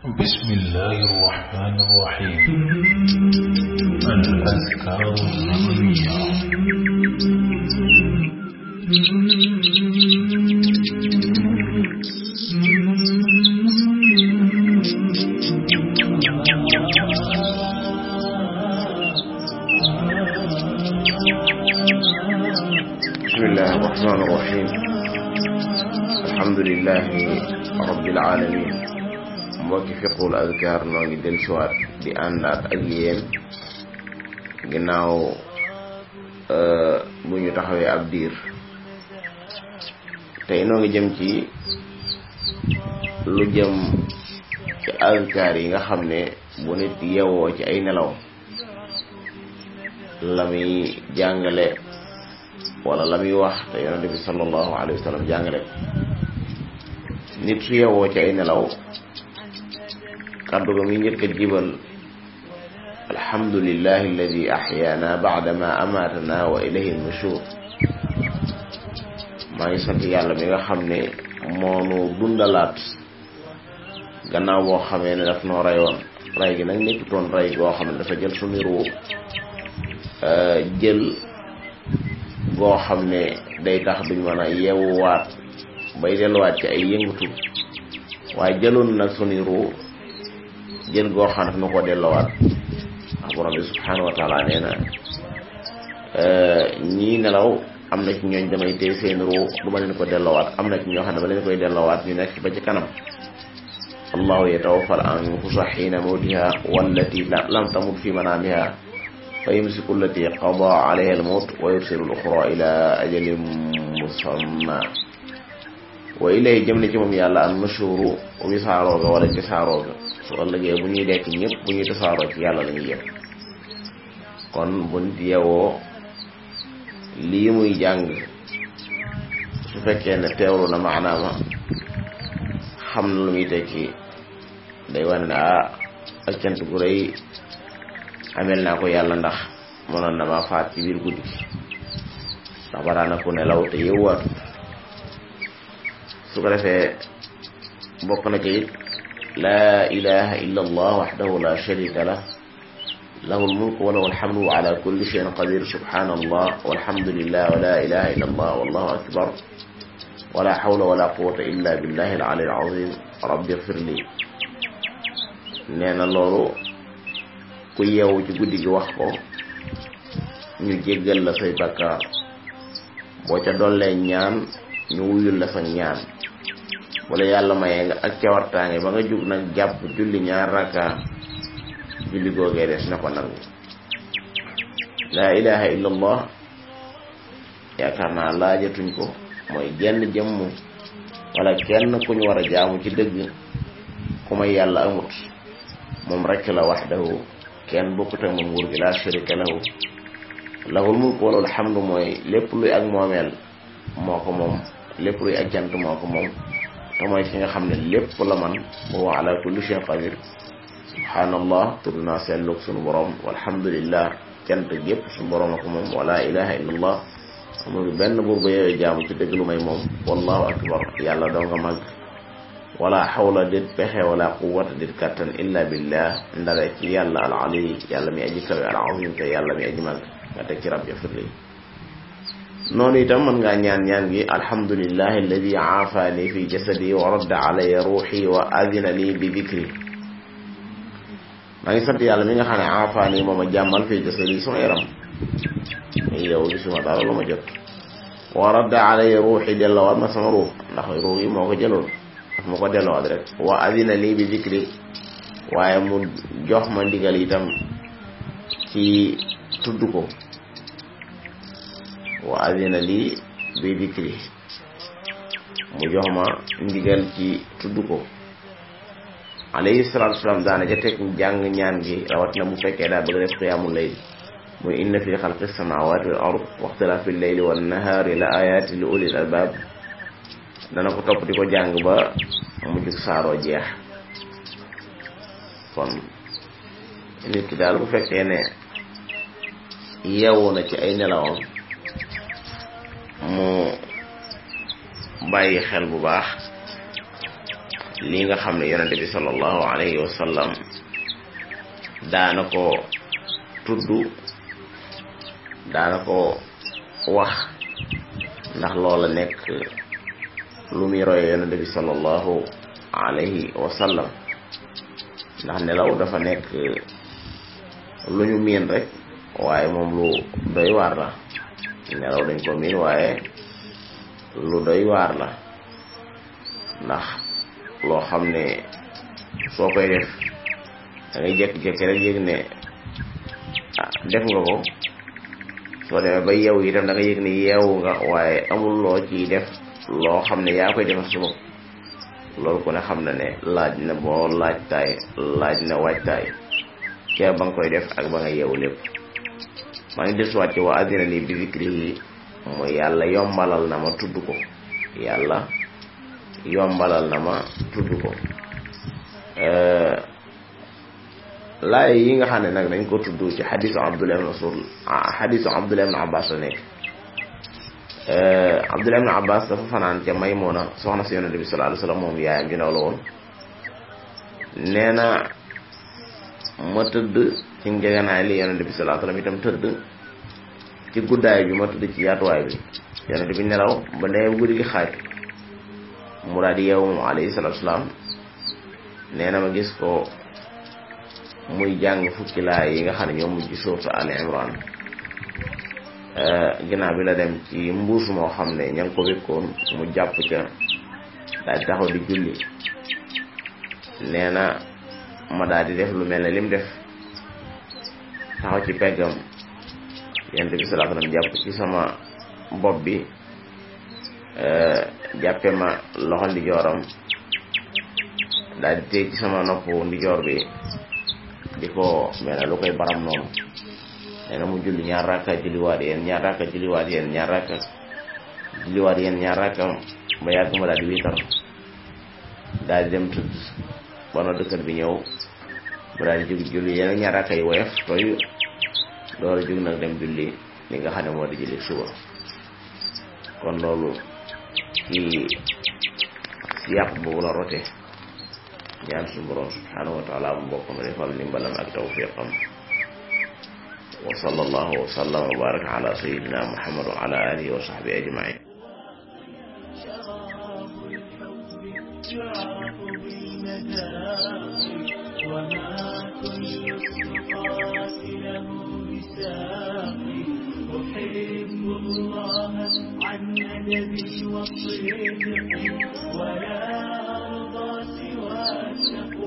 بسم الله الرحمن الرحيم الأذكار النظرية بسم الله الرحمن الرحيم الحمد لله رب العالمين mbokki fiqhul azkar noo ngi del siwaat di àndaat ak yéen ginnaaw euh, bu ñu taxawee ab diir tey noo ngi jëm ci lu jëm ci azkar yi nga xam ne bu nit yewoo ci ay nelaw la muy jàngale wala la muy wax te yonente bi sallallahu alayhi wa sallam jàngale nit su yewoo ci ay nelaw kàddu ga muy njëkk a jibal alhamdulillahi alladi ahyaana baadama amaatana wa ilayhi nushur maa ngi sant yàlla mi nga xam ne moonu dundalaat gannaaw goo xamee ne daf noo reyoon rey gi nag nekkutoon rey goo xam ne dafa jël suñu ruu euh, jël goo xam ne day tax duñ mën a yeewuwaat bay delluwaat ci ay yëngutu waaye jëloon nag suñu gën goo xam ne fu ma ko delloowaat ndax borom bi subhanahu wa taala nee na ñii nelaw am na ci ñooñ damay tey seen ruu du ma leen ko delloowaat am na ci ñoo xam ne ba leen koy delloowaat ñu nekk ba ci kanam allahu yatawaffal anfusa xiina mawtiha wallati lam tamut fi manaamiha fa yumsiku allati qada alayha almawt wa yursilu al uxra ila ajalin musamma wa ilay jëm ne ci moom yàlla am nushuru wisaarooga wala tisaarooga su ëllëgee bu ñuy dekk ñëpp bu ñuy tisaaroo ci yàlla lañu ñuy jëm kon bu nit yewoo lii muy jàng su fekkee ne teewlu na maanaama xam na lu muy tekki day wane ne ah ak cant gu rëy amel naa ko yàlla ndax mënoon na maa faat ci biir guddi ndax baraana ku nelaw te yëwaat su ko defee bokk na ci it laa ilaha illa allah waxdahu la sharika lah lahu lmulku wa lahu alhamdu wa ala kulli shay'in qadir subhanallah walhamdulillah wa la ilaha illa allah wallahu akbar wa la hawla wa la quwwata illa billahi al-ali al-azim rabbi ighfirli nee na loolu ku yeewu ci guddi gi wax ko ñu jéggal la say bakkaar boo ca dollee ñaan ñu wuyul la sa ñaan wala yàlla mayee nga ak cawartaange ba nga jug nag jàpp julli ñaar rakka julli googee des na ko nangu laa ilaha illallah yaakaar naa laajatuñ ko mooy genn jëmm wala kenn ku ñu war a jaamu ci dëgg ku may yàlla amut moom rekk la waxdahu kenn bokkut moom nguur gi laa sharika lahu lahul mulku wal hamdu mooy lépp luy ak moomeel moo ko moom lépp luy ak jant moo ko moom te mooy ki nga xam ne lépp la man wa ala kulli shay'in qadir subhanallah tudd naa seetlu suñu borom walhamdulillah cant yépp suñu borom ak moom wala ilaha illallah amul benn buur ba yooyu jaamu ci dëgg lu may moom wallahu akbar yàlla doo nga màgg wala xawla dit pexe wala quwwata dit kattan illa billah ndare ci yàlla al ali yàlla mi aji al azim te mi aji màgg nga teg ci rab ya firli noonu itam mën ngaa ñaan ñaan gi alhamdulillahi alladi aafani fi jasadi wa radda ruuxi wa adina li bi dikri maa ngi sant yàlla mi nga xam ne aafani moo ma jàmmal fi jasadi suma yaram muy yow gisuma dara ma jot wa radda ruuxi delloowaat ma sama ruux ndax ruux yi moo ko jëloon daf ma ko delloowaat rek waaye mu jox ma ndigal itam ci tudd ko wa adina lii bi dikri mu jox ma ndigal ci tudd ko alayhi salaatu wasalaam daana ja teg jàng ñaan gi rawatina bu fekkee daal bëgg def qiyaamul layl muy inna fi xalqi samaawaati wal ard wa ixtilaafi llayli wan nahaari la ayaati li ulil albaab dana ko topp di ko jàng ba mujj saaroo jeex kon daal bu fekkee ne yeewu na ci ay nelawam mu bàyyi xel bu baax lii nga xam ne yonente bi sallallahu alayhi wa daana ko tudd daana ko wax ndax loola nekk lu muy roye yonente bi sallallahu alayhi wa ndax nelaw dafa nekk lu ñu miin rek waaye moom lu doy waar la nelaw dañ ko miin waaye lu doy waar la ndax loo xam ne soo koy def da ngay jékki rek yëg ne ah def nga ko soo demee ba yeewu itam da nga yëg ne yeewu nga waaye amul loo ciy def loo xam ne yaa koy defal si bopp loolu ko ne xam na ne laaj na boo laajtaay laaj na waajtaay ca ba nga koy def ak ba nga yeewu lépp maa ngi desuwaat ci wa adina ni bi zikrihi mooy yàlla yombalal na ma tudd ko yàlla yombalal na ma tudd ko euh, laay yi nga xam ne nag dañ ko tudd ci xadisu abdullah ibn mas'ud xadisu abdullah ibn abbas la nekk euh, abdullah ibn abbas dafa fanaan ca maymuna soxna si yonente bi sallallahu alayhi wasallam moom yaayam ju ndaw la woon nee na ma tëdd ci ngegenaay li yonente bi sallallahu alayhi itam tëdd ci guddaay bi ma tëdd ci yaatuwaay bi yonente bi nelaw ba nee guddi gi xaaj mu daal yeewu moom alayhi salatu wasalaam nee ma gis ko muy jàng fukki laay yi nga xam ne ñoo mujj sourate Al Imran ginnaaw eh, bi la dem ci mbuus moo xam ne ña ngi ko wékkoon mu jàpp ca daal taxaw di julli nee ma daal di def lu mel ne lim def taxaw ci peggam yonent bi sallallahu sama bopp bi eh, jàppe ma loxo ndijooram daal di téye ci sama nopp ndijoor bi di ko mel lu koy baram noonu nee mu julli ñaar rakka julliwaat yéen ñaar rakka julliwaat yéen ñaar rakka julliwaat yéen ñaar rakka ba yàgg ma daal di wiitar daal dem tudd ba noo dëkkat bi ñëw mu daal di jug julli yeneen ñaar rakka yu woyof tooy loolu jug nag dem julli li nga xam ne moo di julli suba kon loolu ci yàpp boobu la rote ñaan suñu borom subhanahu wa taala mu bokk na defal ndimbalam ak tawfiqam wa sallallahu wa sallam wa baraka ala sayyidina muhammad wa ala alihi wa sahbihi ajmain قاتله بساقي أحب الله عن أدبي وصدقي ولا أرضى سوى التقوى